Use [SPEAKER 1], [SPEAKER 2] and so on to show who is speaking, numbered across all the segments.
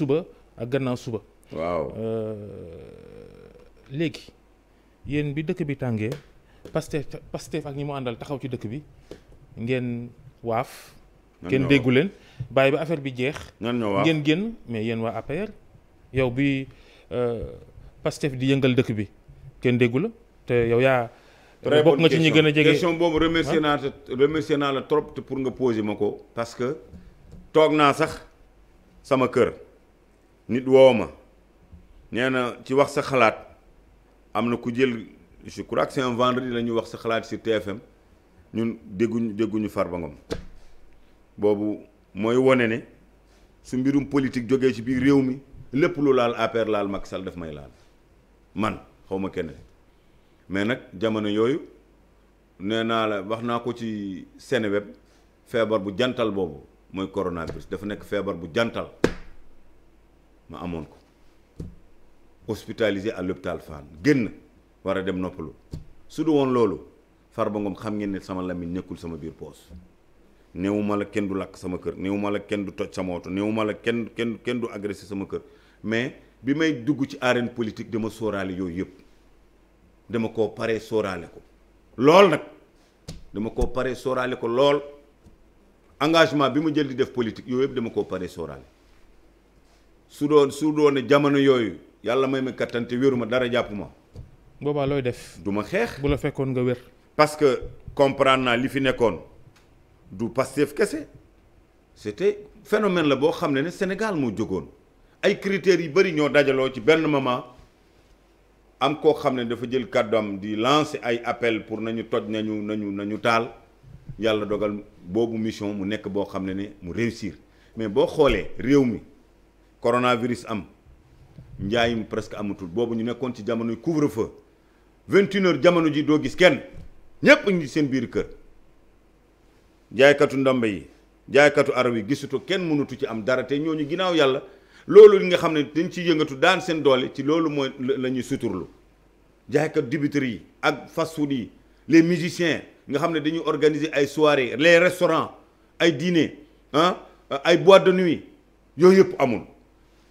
[SPEAKER 1] suba ak gannaaw suba. waaw eh, léegi yéen bi dëkk bi Pastef Pastef ak ñi mu àndal taxaw ci dëkk bi ngeen waaf. kenn déggu leen bàyyi ba affaire bi jeex. ngeen génn mais yéen waa APR. yow bi eh, Pastef di yëngal dëkk bi kenn déggu la te yow yaa. très bokk nga ci ñi question boobu remercier ah.
[SPEAKER 2] naa remercier naa la trop te pour nga poser ma parce que sax sama kër. nit woo ma nee na ci wax sa xalaat am na ku jël je crois que c'est vendredi la wax sa xalaat si TFM ñun dégguñu dégguñu far Ngom boobu mooy wone ne su mbirum politique jógee ci biir réew mi lépp lu laal APR laal Macky Sall daf may laal man xaw ma kenn mais nag jamono yooyu nee naa la wax naa ko ci Seneweb feebar bu jantal boobu mooy coronavirus dafa nekk feebar bu jantal. ma amoon ko hospitalisé à l'hôpital Fan. génn war a dem noppalu su du woon loolu Farba Ngom xam ngeen ne sama làmmiñ nekkul sama biir poos néewu ma la kenn du lakk sama kër néewu ma la kenn du toj sama oto néewu ma la du sama kër mais bi may dugg ci arène politique dama sóoraale yooyu yëpp dama koo paree ko lool nak dama koo paree sóoraale ko lool engagement bi mu jël di def politique yooyu yëpp dama koo paree su doon su doon jamono yoyu yalla may me kattan te wéru ma dara jappuma boba loy def. duma xex bu la nga wér. parce que comprendre li fi nekkoon du Pastef kese c'était phénomène la bo xamné Sénégal mo jógoon ay critères yi bari ño dajalo ci ben moment am ko xamné dafa jël kàddoom di lancer ay appel pour nañu toj nañu nañu nañu tal yalla dogal bobu mission mu nekk bo xamné mu réussir mais bo xolé réew coronavirus am njaayum presque amatul bobu ñu nekkon ci jamono couvre-feu vingt une heures jamono ji do gis kenn ñepp ñi seen biir kër jaaykatu ndambe yi jaaykatu araw yi gisutu kenn mënutu ci am dara te ñooñu ginaaw yalla loolu li nga xam ne dañ ci yëngatu daan seen doole ci loolu mooy la ñuy suturlu jaaykat dibiterie yi ak fast yi les musiciens nga xam ne dañuy organiser ay soirées les restaurants ay dîner, ah hein, ay boîte de nuit yooyu yëpp amul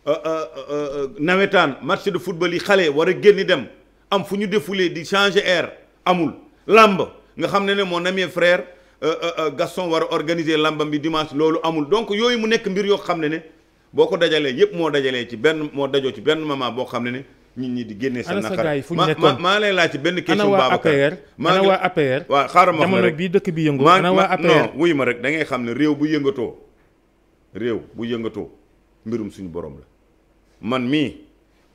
[SPEAKER 2] euh, euh, euh, nawetaan match de football yi xale war a génn dem am fu ñu défouler di changer air amul làmb nga xam ne ne mon ami frère euh, euh, Gaston war a organiser làmbam bi dimanche loolu amul donc yooyu mu nekk mbir yoo xam ne ne boo ko dajalee yëpp moo dajalee ci benn moo dajoo ci benn moment boo xam ne ne nit ñi di génne seen naqar ma maa lay laaj ci benn question Babacar ana waa APR waaw xaaral ma jamono bi
[SPEAKER 1] dëkk bi yëngu ana waa APR non
[SPEAKER 2] wuy ma rek da ngay xam ne réew bu yëngatoo réew bu yëngatoo mbirum suñu borom la man mi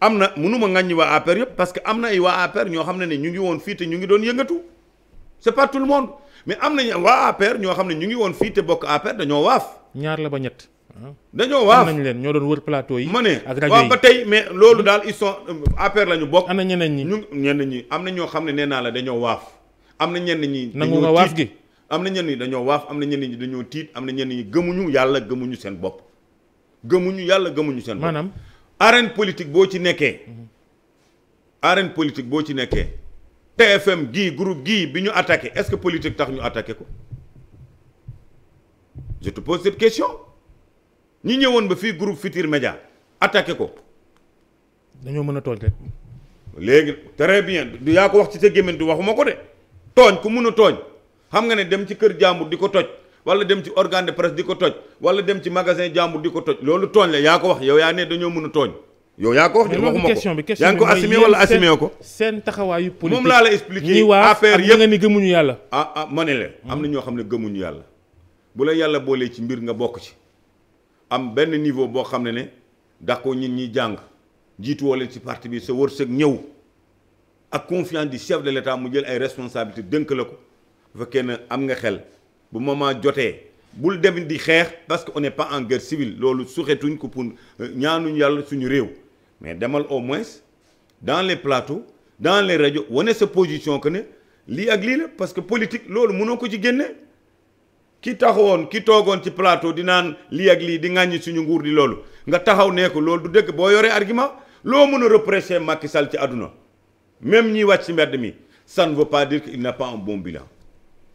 [SPEAKER 2] amna munuma ngagne wa aper APR parce que amna ay wa aper ño xamne ni ñu ngi won fii te ñu ngi doon yëngatu c'est pas tout le monde mais amna nañu waa APR ñoo xam ñu ngi won fii te bokk APR dañoo waaf. ñaar la ba ñett. dañoo waaf amnañ leen ño doon wër plateau yi. ma ne waaw ba tay mais lolu dal ils sont euh, aper lañu bok amna am ñeneen ñi ñu ñenn ñi amna ño xamne xam ne la dañoo waaf. amna na ñi. dañoo waaf gi amna na ñi dañoo waaf amna na ñi dañoo tiit amna na ñi gëmuñu yalla gëmuñu seen bop gëmuñu yàlla gëmuñu seen maanaam arène politique boo ci nekkee mhm. arène politique boo ci nekkee TFM gii groupe gii bi ñu attaqué est-ce que politique tax ñu attaqué ko je te pose cette question ñi ñëwoon ba fii group Futurs Médias attaqué ko dañoo mën a tooñ rek léegi très bien du yaa ko wax ci sa gémmiñ du waxuma ko de tooñ ku mun a tooñ xam nga ne dem ci kër jàmbur di ko toj wala dem ci organe de presse diko toj wala dem ci magasin jàmbur diko toj lolou togn la yaa ko wax yow ya ne dañu mënu togn yow yaa ko wax de waxuma ko yaa ngi ko assumé wala assumé ko
[SPEAKER 1] seen taxawaayu politique mom la la expliquer affaire yëpp nga ni gëmuñu
[SPEAKER 2] yalla ah ah ma ne leen am na ñoo xam gëmuñu yalla bu la yalla bolé ci mbir nga bok ci am ben niveau bo xamné né ne dax ko ñin ñi jang jiituwoo wolé ci parti bi se wërsëg ñew ak confiance du chef de l'état mu jël ay responsabilités dënk la ko bu fekkee am nga xel bu moment joté bul dem di xeex parce que on n'est pas en guerre civile lolou suxetuñ ko pour euh, ñaanuñ yalla suñu rew mais demal au moins dans les plateaux dans les radios woné sa position que né li ak li la parce que politique lolou mëno ko ci génne ki taxawone ki togon ci plateau di nan li ak li di ŋàññi suñu nguur di lolou nga taxaw né ko lolou du deug bo yoré argument lo mëno reprocher Macky Sall ci aduna même ñi wacc ci mbedd mi ça ne veut pas dire qu'il n'a pas un bon bilan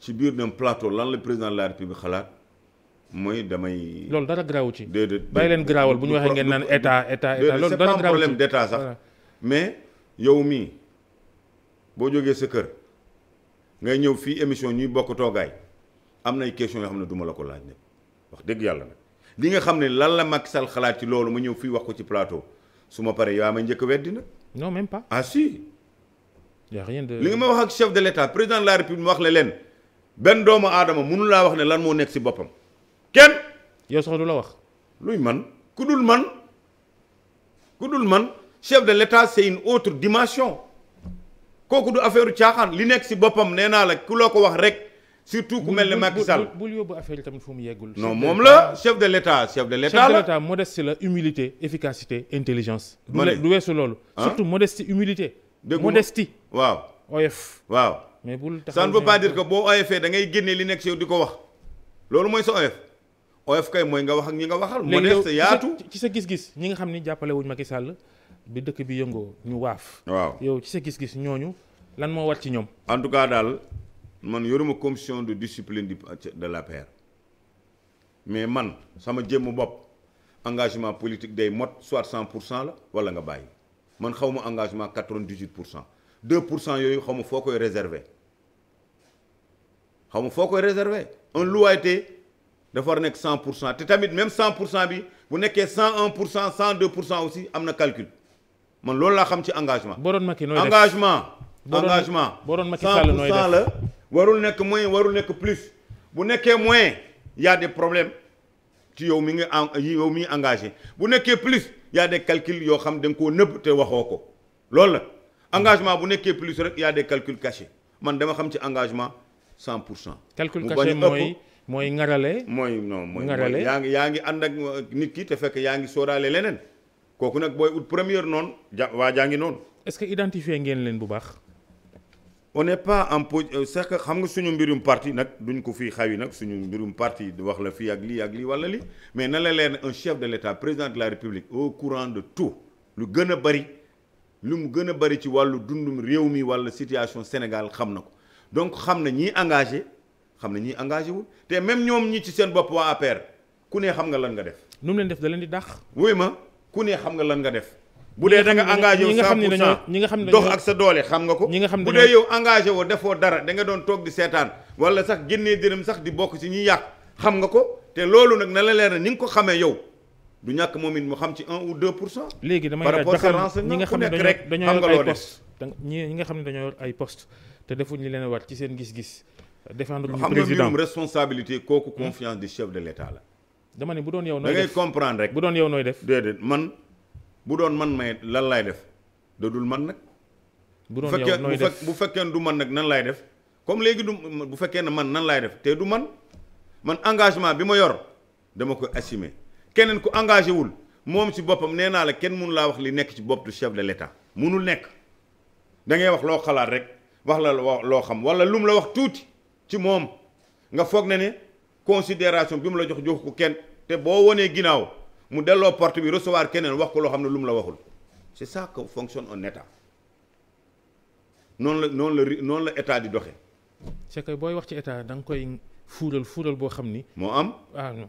[SPEAKER 2] ci biir dem plateau lan le président de la république xalaat moy damay.
[SPEAKER 1] lolou dara garaawu ci. déedéet bàyyi leen garaawal bu ñu ngeen nan état
[SPEAKER 2] état état lolou dara garaawu problème d'état sax mais yow mi bo jógee sa kër ngay ñëw fi émission ñuy bokk toogaay am nay question yo xam duma la ko laaj nag wax deug yalla nak li nga xam lan la Macky Sall xalaat ci lolou ma ñëw fi wax ko ci plateau suma paré paree ma ñëk njëkk weddi non même pas. ah si. Il y a rien de li nga wax ak chef de l' président de la république mu wax la leen ben doomu aadama munu laa wax ne lan moo nekk ci boppam kenn. yow sax du la wax. luy man ku dul man ku dul man chef de l'État c'est une autre dimension kooku du affaire caaxaan li nekk ci boppam nee naa la ku loo ko wax rek. surtout ku mel ne Macky Sall bul
[SPEAKER 1] yóbbu affaire tamit fu mu yeggul. non moom la chef de l'État chef de l'État la chef de l'État modestie la humilité efficacité intelligence. du weesu loolu. Hein? surtout
[SPEAKER 2] modestie humilité. modestie waaw oyof waaw
[SPEAKER 1] ça ne veut pas dire que
[SPEAKER 2] li si yow fait wax loolu mooy sa oyof kay moy nga wax ak ñi nga waxal. yaatu ci
[SPEAKER 1] sa gis-gis ni Macky Sall bi dëkk bi yëngo ñu waaf. yow ci sa gis-gis ñoñu
[SPEAKER 2] lan mo ci en tout cas je man yoruma commission de discipline de la paire, mais man sama jëm engagement politique des mot soit 100 la wala nga engagement 98 2% yoyu xamu foko réservé xamu foko réservé un été de faire nek 100% té tamit même 100% bi bu nekké 101% 102% aussi amna calcul man lool la xam ci engagement boron maki noy engagement engagement 100% maki sall noy def 100% la warul nek moins warul nek plus bu nekké moins il y a des problèmes ci yow mi ngi yow mi engagé bu plus il y a des calculs yo xam dang ko neub té waxoko lool la engagement bu nekkee plus rek y a des calculs cachés man dama xam ci engagement 100
[SPEAKER 1] calcul caché mooy mooy
[SPEAKER 2] ngarale. Moi,
[SPEAKER 1] non moi, ngarale yaa ngi
[SPEAKER 2] yaa ngi ànd ak euh, nit ki te fekk yaa ngi sóoraale leneen kooku nag booy ut première non, wa waa non.
[SPEAKER 1] est-ce que identifier ngeen leen bu bax?
[SPEAKER 2] on n'est pas en po euh, c'est que xam nga suñu mbirum parti nak duñ ko fi xawi nak suñu mbirum parti wax la fi ak li ak li wala li mais na la un chef de l'État président de la République au courant de tout lu gën bari lu ne bari ci walu dundum réew mi situation Sénégal xam ko donc xam na engagé xam engagé wul te même ñoom ñi ci seen bopp wa APR ku ne xam nga lan nga def. leen def da leen di dakh ma ku ne xam nga def. bu dee da nga engagé 100% ñi dox ak sa xam nga ko. engagé dara da nga di seetaan sax sax di ci ñi te na la ni ko du ñàkk moom it mu xam ci un ou deux pour cent. léegi damay laaj ba xam ñi nga dañoo yor ay
[SPEAKER 1] poste ñi nga xam ne dañoo yor ay poste te defuñu leen war ci seen gis-gis. défendre ñu président xam nga mbirum
[SPEAKER 2] responsabilité kooku hmm? confiance di chef de l' état la.
[SPEAKER 1] dama ne bu doon yow nooy def
[SPEAKER 2] da ngay bu doon yow nooy def déedéet man bu doon man may lan laay def dadul man nag.
[SPEAKER 1] bu doon yow nooy def
[SPEAKER 2] bu fekkee du man nag nan lay def comme léegi du bu fekkee ne man nan laay def te du man man engagement bi ma yor dama ko assumer. kenen ku engagé wul mom ci boppam nee naa la kenn mënu laa wax li nek ci bopp du chef de l'État munul nek da ngay wax lo xalaat rek wax la lo xam wala lum la wax tuuti ci mom nga fogg ne ne considération bimu la jox jox ko kenn te bo woné ginaaw mu delloo porte bi recevoir kenen wax ko lo xam ne lu la waxul c'est ça que fonctionne un État non la noonu la noonu la État di doxé
[SPEAKER 1] c'est que boy wax ci État dang koy fuural fuural bo
[SPEAKER 2] xamni mo am ah non.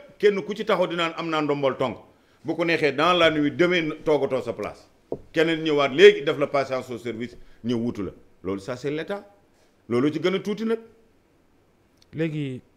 [SPEAKER 2] kenn ku ci taxaw dinaan am naa ndombol tong bu ko neexee dans la nuit demain toogatoo sa place keneen ñëwaat léegi def la patience au service ñëw wutu la loolu ça c'est l'état loolu ci gën a tuuti nag léegi